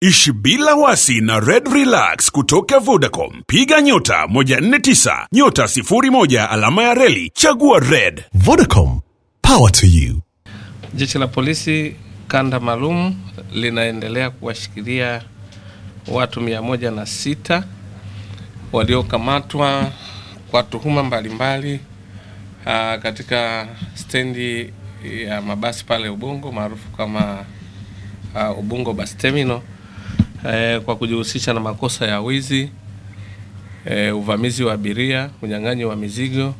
Ishi bila wasi na Red Relax kutoka Vodacom. Piga nyota 149 nyota 01 alama ya reli chagua Red. Vodacom, power to you. Jeshi la polisi kanda maalum linaendelea kuwashikilia watu 106 waliokamatwa kwa tuhuma mbalimbali mbali, ah, katika stendi ya mabasi pale Ubungo maarufu kama ah, Ubungo Bus Terminal eh, kwa kujihusisha na makosa ya wizi eh, uvamizi wa abiria, unyang'anyi wa mizigo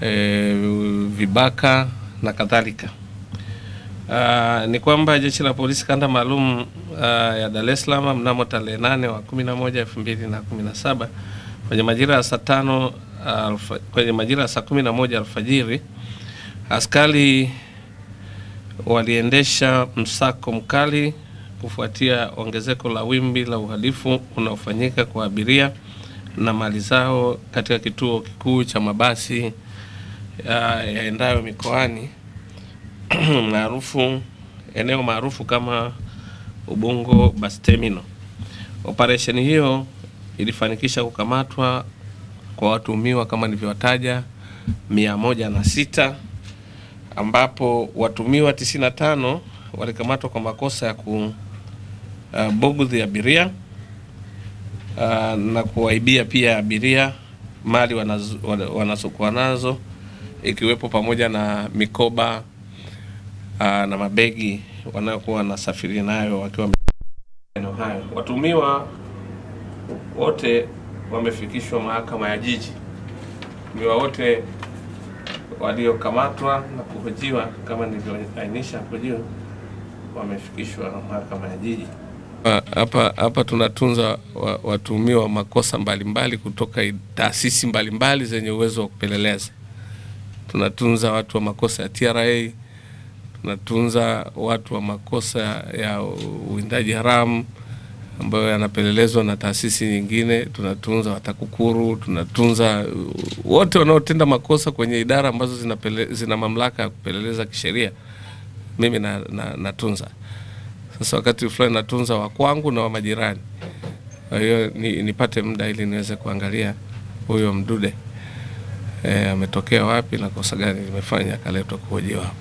eh, vibaka na kadhalika. Uh, ni kwamba jeshi la polisi kanda maalum uh, ya Dar es Salaam mnamo tarehe 8 wa 11 2017 kwenye majira ya saa tano alfa, kwenye majira ya saa moja alfajiri askari waliendesha msako mkali kufuatia ongezeko la wimbi la uhalifu unaofanyika kwa abiria na mali zao katika kituo kikuu cha mabasi uh, yaendayo mikoani maarufu eneo maarufu kama Ubungo Bus Terminal. Operesheni hiyo ilifanikisha kukamatwa kwa watuhumiwa kama nilivyowataja mia moja na sita ambapo watuhumiwa 95 walikamatwa kwa makosa ya ku uh, bugudhi abiria uh, na kuwaibia pia abiria mali wanazokuwa nazo ikiwepo pamoja na mikoba uh, na mabegi wanayokuwa wanasafiri nayo wakiwa maeneo hayo. Watumiwa wote wamefikishwa mahakama ya jiji. Watumiwa wote waliokamatwa na kuhojiwa kama nilivyoainisha hapo juu wamefikishwa mahakama ya jiji hapa hapa tunatunza watuhumiwa wa makosa mbalimbali mbali kutoka taasisi mbalimbali zenye uwezo wa kupeleleza. Tunatunza watu wa makosa ya TRA, tunatunza watu wa makosa ya uwindaji haramu ambayo yanapelelezwa na taasisi nyingine, tunatunza watakukuru, tunatunza wote wanaotenda makosa kwenye idara ambazo zina, pele, zina mamlaka ya kupeleleza kisheria. Mimi na, na, natunza sasa wakati fulani natunza wa kwangu na wa majirani, kwa hiyo ni, nipate muda ili niweze kuangalia huyo mdude e, ametokea wapi na kosa gani limefanya akaletwa kuhojiwa hapo.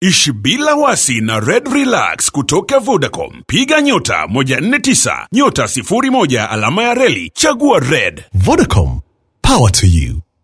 Ishi bila wasi na Red Relax kutoka Vodacom. Piga nyota 149 nyota 01 alama ya reli, chagua Red. Vodacom, power to you.